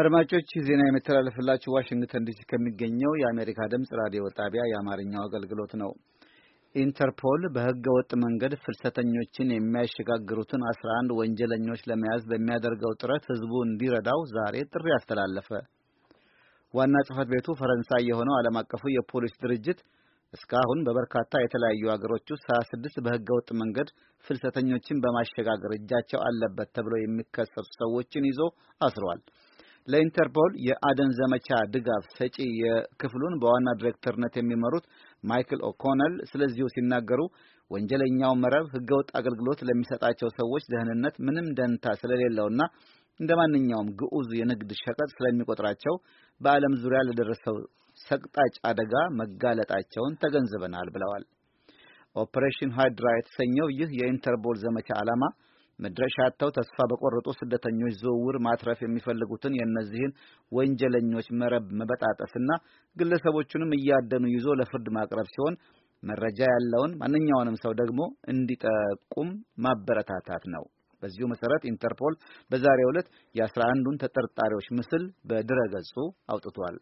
አድማጮች ዜና የሚተላለፍላችሁ ዋሽንግተን ዲሲ ከሚገኘው የአሜሪካ ድምፅ ራዲዮ ጣቢያ የአማርኛው አገልግሎት ነው። ኢንተርፖል በህገ ወጥ መንገድ ፍልሰተኞችን የሚያሸጋግሩትን አስራ አንድ ወንጀለኞች ለመያዝ በሚያደርገው ጥረት ህዝቡ እንዲረዳው ዛሬ ጥሪ አስተላለፈ። ዋና ጽህፈት ቤቱ ፈረንሳይ የሆነው ዓለም አቀፉ የፖሊስ ድርጅት እስካሁን በበርካታ የተለያዩ ሀገሮች ውስጥ 26 ወጥ መንገድ ፍልሰተኞችን በማሸጋገር እጃቸው አለበት ተብለው የሚከሰሱ ሰዎችን ይዞ አስሯል። ለኢንተርፖል የአደን ዘመቻ ድጋፍ ሰጪ የክፍሉን በዋና ዲሬክተርነት የሚመሩት ማይክል ኦኮነል ስለዚሁ ሲናገሩ ወንጀለኛው መረብ ህገወጥ አገልግሎት ለሚሰጣቸው ሰዎች ደህንነት ምንም ደንታ ስለሌለውና እንደ ማንኛውም ግዑዝ የንግድ ሸቀጥ ስለሚቆጥራቸው በዓለም ዙሪያ ለደረሰው ሰቅጣጭ አደጋ መጋለጣቸውን ተገንዝበናል ብለዋል። ኦፕሬሽን ሃይድራ የተሰኘው ይህ የኢንተርፖል ዘመቻ ዓላማ መድረሻ አጥተው ተስፋ በቆረጡ ስደተኞች ዝውውር ማትረፍ የሚፈልጉትን የእነዚህን ወንጀለኞች መረብ መበጣጠስና ግለሰቦቹንም እያደኑ ይዞ ለፍርድ ማቅረብ ሲሆን መረጃ ያለውን ማንኛውንም ሰው ደግሞ እንዲጠቁም ማበረታታት ነው። በዚሁ መሰረት ኢንተርፖል በዛሬው ዕለት የአስራ አንዱን ተጠርጣሪዎች ምስል በድረ ገጹ አውጥቷል።